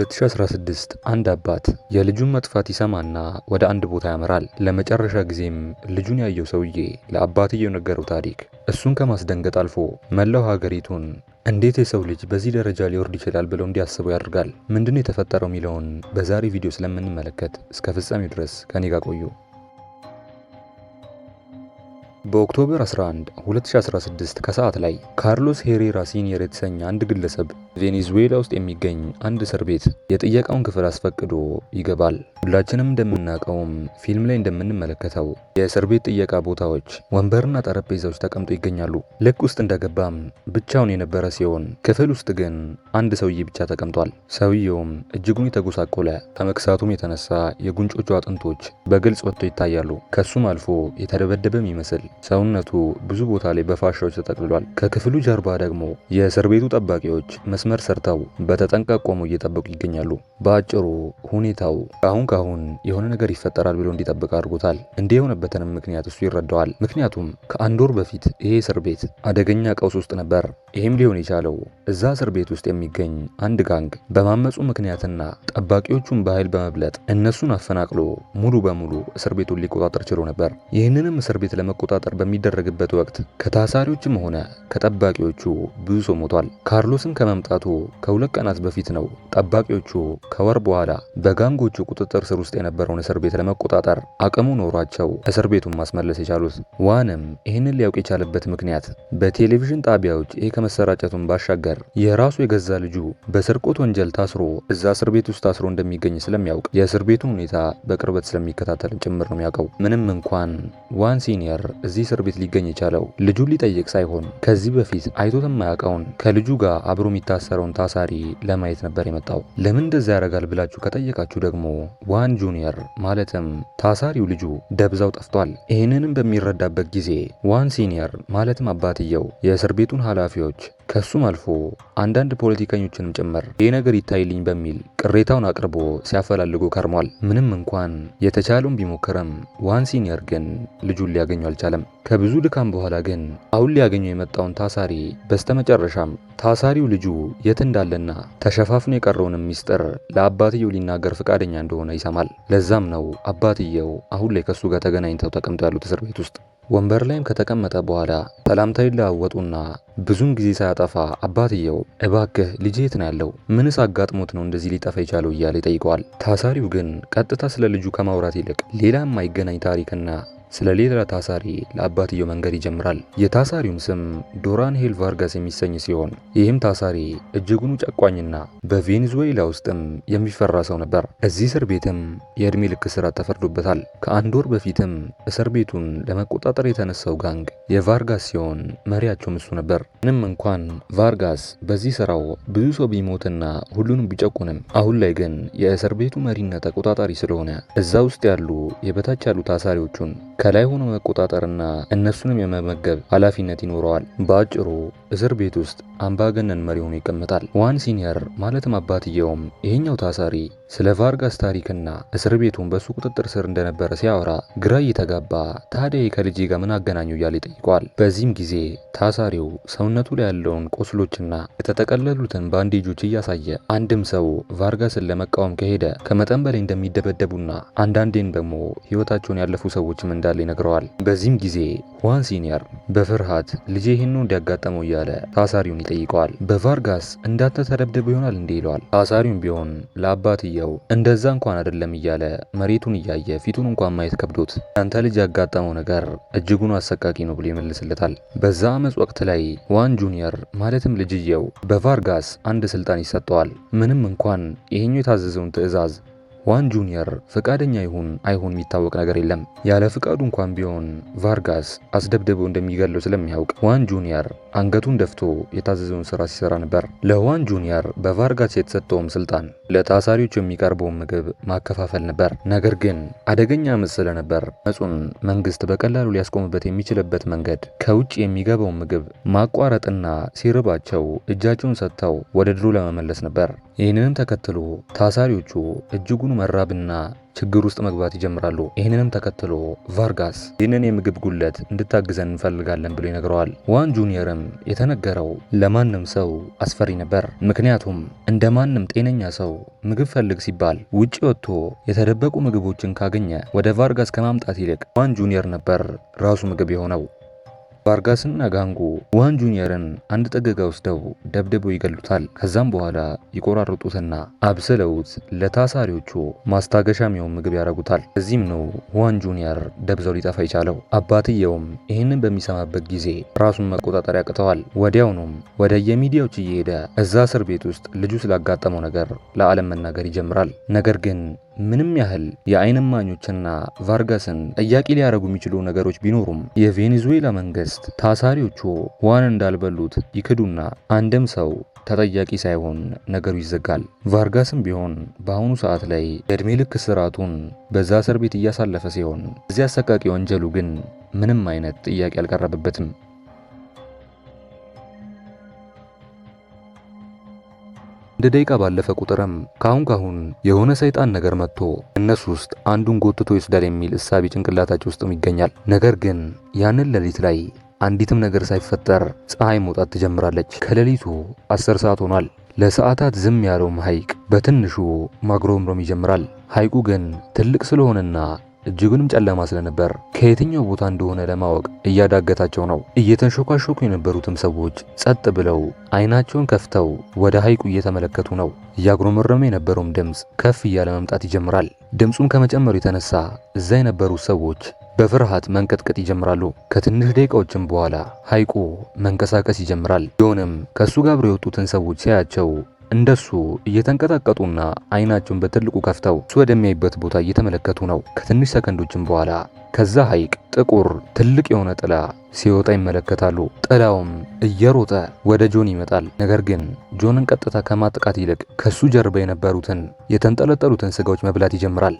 2016 አንድ አባት የልጁን መጥፋት ይሰማና ወደ አንድ ቦታ ያመራል። ለመጨረሻ ጊዜም ልጁን ያየው ሰውዬ ለአባትየው ነገረው ታሪክ። እሱን ከማስደንገጥ አልፎ መላው ሀገሪቱን እንዴት የሰው ልጅ በዚህ ደረጃ ሊወርድ ይችላል ብለው እንዲያስቡ ያደርጋል። ምንድን የተፈጠረው የሚለውን በዛሬ ቪዲዮ ስለምንመለከት እስከ ፍጻሜው ድረስ ከኔ ጋር ቆዩ። በኦክቶበር 11 2016 ከሰዓት ላይ ካርሎስ ሄሬራ ሲኒየር የተሰኘ አንድ ግለሰብ ቬኔዙዌላ ውስጥ የሚገኝ አንድ እስር ቤት የጥየቃውን ክፍል አስፈቅዶ ይገባል። ሁላችንም እንደምናውቀውም ፊልም ላይ እንደምንመለከተው የእስር ቤት ጥየቃ ቦታዎች ወንበርና ጠረጴዛዎች ተቀምጦ ይገኛሉ። ልክ ውስጥ እንደገባም ብቻውን የነበረ ሲሆን ክፍል ውስጥ ግን አንድ ሰውዬ ብቻ ተቀምጧል። ሰውየውም እጅጉን የተጎሳቆለ ከመክሳቱም የተነሳ የጉንጮቹ አጥንቶች በግልጽ ወጥቶ ይታያሉ። ከሱም አልፎ የተደበደበ የሚመስል ሰውነቱ ብዙ ቦታ ላይ በፋሻዎች ተጠቅልሏል። ከክፍሉ ጀርባ ደግሞ የእስር ቤቱ ጠባቂዎች መስ መስመር ሰርተው በተጠንቀቅ ቆመው እየጠበቁ ይገኛሉ። በአጭሩ ሁኔታው አሁን ካሁን የሆነ ነገር ይፈጠራል ብሎ እንዲጠብቅ አድርጎታል። እንዲህ የሆነበትንም ምክንያት እሱ ይረዳዋል። ምክንያቱም ከአንድ ወር በፊት ይሄ እስር ቤት አደገኛ ቀውስ ውስጥ ነበር። ይህም ሊሆን የቻለው እዛ እስር ቤት ውስጥ የሚገኝ አንድ ጋንግ በማመፁ ምክንያትና ጠባቂዎቹን በኃይል በመብለጥ እነሱን አፈናቅሎ ሙሉ በሙሉ እስር ቤቱን ሊቆጣጠር ችሎ ነበር። ይህንንም እስር ቤት ለመቆጣጠር በሚደረግበት ወቅት ከታሳሪዎችም ሆነ ከጠባቂዎቹ ብዙ ሰው ሞቷል። ካርሎስም ከመምጣቱ ከሁለት ቀናት በፊት ነው ጠባቂዎቹ ከወር በኋላ በጋንጎቹ ቁጥጥር ስር ውስጥ የነበረውን እስር ቤት ለመቆጣጠር አቅሙ ኖሯቸው እስር ቤቱን ማስመለስ የቻሉት። ዋንም ይህንን ሊያውቅ የቻለበት ምክንያት በቴሌቪዥን ጣቢያዎች ከመሰራጨቱን ባሻገር የራሱ የገዛ ልጁ በስርቆት ወንጀል ታስሮ እዛ እስር ቤት ውስጥ ታስሮ እንደሚገኝ ስለሚያውቅ የእስር ቤቱን ሁኔታ በቅርበት ስለሚከታተል ጭምር ነው የሚያውቀው። ምንም እንኳን ዋን ሲኒየር እዚህ እስር ቤት ሊገኝ የቻለው ልጁን ሊጠይቅ ሳይሆን ከዚህ በፊት አይቶት የማያውቀውን ከልጁ ጋር አብሮ የሚታሰረውን ታሳሪ ለማየት ነበር የመጣው። ለምን እንደዛ ያደርጋል ብላችሁ ከጠየቃችሁ ደግሞ ዋን ጁኒየር ማለትም ታሳሪው ልጁ ደብዛው ጠፍቷል። ይህንንም በሚረዳበት ጊዜ ዋን ሲኒየር ማለትም አባትየው የእስር ቤቱን ኃላፊዎች ከሱም አልፎ አንዳንድ ፖለቲከኞችንም ጭምር ይህ ነገር ይታይልኝ በሚል ቅሬታውን አቅርቦ ሲያፈላልጉ ከርሟል። ምንም እንኳን የተቻለውን ቢሞክርም ዋን ሲኒየር ግን ልጁን ሊያገኙ አልቻለም። ከብዙ ድካም በኋላ ግን አሁን ሊያገኙ የመጣውን ታሳሪ በስተመጨረሻም ታሳሪው ልጁ የት እንዳለና ተሸፋፍኖ የቀረውንም ሚስጥር ለአባትየው ሊናገር ፈቃደኛ እንደሆነ ይሰማል። ለዛም ነው አባትየው አሁን ላይ ከሱ ጋር ተገናኝተው ተቀምጠው ያሉት እስር ቤት ውስጥ። ወንበር ላይም ከተቀመጠ በኋላ ሰላምታ ይለዋወጡና ብዙም ጊዜ ሳያጠፋ አባትየው እባክህ ልጄ የት ነው ያለው? ምንስ አጋጥሞት ነው እንደዚህ ሊጠፋ የቻለው? እያለ ይጠይቀዋል። ታሳሪው ግን ቀጥታ ስለ ልጁ ከማውራት ይልቅ ሌላ የማይገናኝ ታሪክና ስለ ሌላ ታሳሪ ለአባትየው መንገድ ይጀምራል። የታሳሪውም ስም ዶራን ሄል ቫርጋስ የሚሰኝ ሲሆን ይህም ታሳሪ እጅጉኑ ጨቋኝና በቬኔዙዌላ ውስጥም የሚፈራ ሰው ነበር። እዚህ እስር ቤትም የእድሜ ልክ እስራት ተፈርዶበታል። ከአንድ ወር በፊትም እስር ቤቱን ለመቆጣጠር የተነሳው ጋንግ የቫርጋስ ሲሆን መሪያቸውም እሱ ነበር። ምንም እንኳን ቫርጋስ በዚህ ስራው ብዙ ሰው ቢሞትና ሁሉንም ቢጨቁንም፣ አሁን ላይ ግን የእስር ቤቱ መሪና ተቆጣጣሪ ስለሆነ እዛ ውስጥ ያሉ የበታች ያሉ ታሳሪዎቹን ከላይ ሆኖ መቆጣጠርና እነሱንም የመመገብ ኃላፊነት ይኖረዋል። በአጭሩ እስር ቤት ውስጥ አምባገነን መሪ ሆኖ ይቀመጣል። ዋን ሲኒየር ማለትም አባትየውም ይሄኛው ታሳሪ ስለ ቫርጋስ ታሪክና እስር ቤቱን በሱ ቁጥጥር ስር እንደነበረ ሲያወራ ግራ እየተጋባ ታዲያ ከልጄ ጋር ምን አገናኙ እያለ ይጠይቀዋል። በዚህም ጊዜ ታሳሪው ሰውነቱ ላይ ያለውን ቁስሎችና የተጠቀለሉትን ባንዴጆች እያሳየ አንድም ሰው ቫርጋስን ለመቃወም ከሄደ ከመጠን በላይ እንደሚደበደቡና አንዳንዴን ደግሞ ህይወታቸውን ያለፉ ሰዎችም እንዳለ ይነግረዋል። በዚህም ጊዜ ዋን ሲኒየር በፍርሃት ልጄ ይህን እንዲያጋጠመው እያለ ታሳሪውን ይጠይቃል። ይጠይቀዋል። በቫርጋስ እንዳንተ ተደብድቦ ይሆናል እንዴ ይለዋል። አሳሪውም ቢሆን ለአባትየው እንደዛ እንኳን አይደለም እያለ መሬቱን እያየ ፊቱን እንኳን ማየት ከብዶት ያንተ ልጅ ያጋጠመው ነገር እጅጉን አሰቃቂ ነው ብሎ ይመልስለታል። በዛ አመፅ ወቅት ላይ ዋን ጁኒየር ማለትም ልጅየው በቫርጋስ አንድ ስልጣን ይሰጠዋል። ምንም እንኳን ይሄኛው የታዘዘውን ትዕዛዝ ዋን ጁኒየር ፈቃደኛ ይሁን አይሁን የሚታወቅ ነገር የለም። ያለ ፍቃዱ እንኳን ቢሆን ቫርጋስ አስደብድበው እንደሚገለው ስለሚያውቅ ዋን ጁኒየር አንገቱን ደፍቶ የታዘዘውን ስራ ሲሰራ ነበር። ለዋን ጁኒየር በቫርጋስ የተሰጠውም ስልጣን ለታሳሪዎቹ የሚቀርበውን ምግብ ማከፋፈል ነበር። ነገር ግን አደገኛ ምስ ስለነበር አመፁን መንግስት በቀላሉ ሊያስቆምበት የሚችልበት መንገድ ከውጭ የሚገባውን ምግብ ማቋረጥና ሲርባቸው እጃቸውን ሰጥተው ወደ ድሮ ለመመለስ ነበር። ይህንንም ተከትሎ ታሳሪዎቹ እጅጉን መራብና ችግር ውስጥ መግባት ይጀምራሉ። ይህንንም ተከትሎ ቫርጋስ ይህንን የምግብ ጉለት እንድታግዘን እንፈልጋለን ብሎ ይነግረዋል። ዋን ጁኒየርም የተነገረው ለማንም ሰው አስፈሪ ነበር። ምክንያቱም እንደ ማንም ጤነኛ ሰው ምግብ ፈልግ ሲባል ውጭ ወጥቶ የተደበቁ ምግቦችን ካገኘ ወደ ቫርጋስ ከማምጣት ይልቅ ዋን ጁኒየር ነበር ራሱ ምግብ የሆነው። ቫርጋስና ጋንጎ ዋን ጁኒየርን አንድ ጠገጋ ወስደው ደብደበው ይገሉታል። ከዛም በኋላ ይቆራርጡትና አብስለውት ለታሳሪዎቹ ማስታገሻ የሚሆን ምግብ ያደርጉታል። እዚህም ነው ዋን ጁኒየር ደብዘው ሊጠፋ የቻለው። አባትየውም ይህንን በሚሰማበት ጊዜ ራሱን መቆጣጠር ያቅተዋል። ወዲያውኑም ወደ የሚዲያዎች እየሄደ እዛ እስር ቤት ውስጥ ልጁ ስላጋጠመው ነገር ለዓለም መናገር ይጀምራል። ነገር ግን ምንም ያህል የአይን እማኞችና ቫርጋስን ጠያቂ ሊያደርጉ የሚችሉ ነገሮች ቢኖሩም የቬኔዙዌላ መንግስት ታሳሪዎቹ ዋን እንዳልበሉት ይክዱና አንድም ሰው ተጠያቂ ሳይሆን ነገሩ ይዘጋል። ቫርጋስም ቢሆን በአሁኑ ሰዓት ላይ የእድሜ ልክ ስርዓቱን በዛ እስር ቤት እያሳለፈ ሲሆን እዚህ አሰቃቂ ወንጀሉ ግን ምንም አይነት ጥያቄ አልቀረበበትም። እንደ ደቂቃ ባለፈ ቁጥርም ካሁን ካሁን የሆነ ሰይጣን ነገር መጥቶ እነሱ ውስጥ አንዱን ጎትቶ ይወስዳል የሚል እሳቤ ጭንቅላታቸው ውስጥም ይገኛል። ነገር ግን ያንን ሌሊት ላይ አንዲትም ነገር ሳይፈጠር ፀሐይ መውጣት ትጀምራለች። ከሌሊቱ አስር ሰዓት ሆኗል። ለሰዓታት ዝም ያለውም ሐይቅ በትንሹ ማግሮምሮም ይጀምራል። ሐይቁ ግን ትልቅ ስለሆነና እጅጉንም ጨለማ ስለነበር ከየትኛው ቦታ እንደሆነ ለማወቅ እያዳገታቸው ነው። እየተንሾካሾኩ የነበሩትም ሰዎች ጸጥ ብለው አይናቸውን ከፍተው ወደ ሐይቁ እየተመለከቱ ነው። እያጉረመረመ የነበረውም ድምፅ ከፍ እያለ መምጣት ይጀምራል። ድምፁም ከመጨመሩ የተነሳ እዛ የነበሩት ሰዎች በፍርሃት መንቀጥቀጥ ይጀምራሉ። ከትንሽ ደቂቃዎችም በኋላ ሐይቁ መንቀሳቀስ ይጀምራል። ጆንም ከእሱ ጋር አብረው የወጡትን ሰዎች ሲያያቸው እንደሱ እየተንቀጠቀጡና አይናቸውን በትልቁ ከፍተው እሱ ወደሚያይበት ቦታ እየተመለከቱ ነው። ከትንሽ ሰከንዶችም በኋላ ከዛ ሐይቅ ጥቁር ትልቅ የሆነ ጥላ ሲወጣ ይመለከታሉ። ጥላውም እየሮጠ ወደ ጆን ይመጣል። ነገር ግን ጆንን ቀጥታ ከማጥቃት ይልቅ ከሱ ጀርባ የነበሩትን የተንጠለጠሉትን ስጋዎች መብላት ይጀምራል።